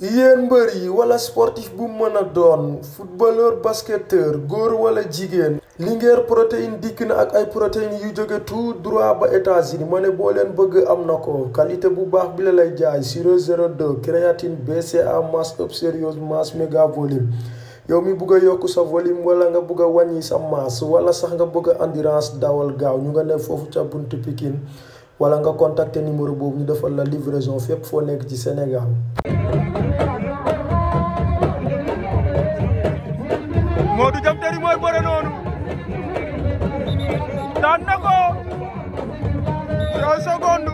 yéen mbër yi wala sportif bu mën a doon footballeur basketteur góor wala jigéen Linguère protéine dikk na ak ay protéines yu jóge tout droit ba États-Unis ma ne boo leen bëgg am na ko qualité bu baax bi la lay jaay sirop 02 créatine BCA masse up sérieuse masse méga volume yow mi bëgg a yokk sa volume wala nga bëgg a wàññi sa masse wala sax nga bëgg a endurance dawal gaaw ñu nga ne foofu ca buntu Pikine wala nga contacter numéro boobu ñu defal la livraison fépp foo nekk ci Sénégal Modou Diam Terry mooy bëre noonu daan na ko trois secondes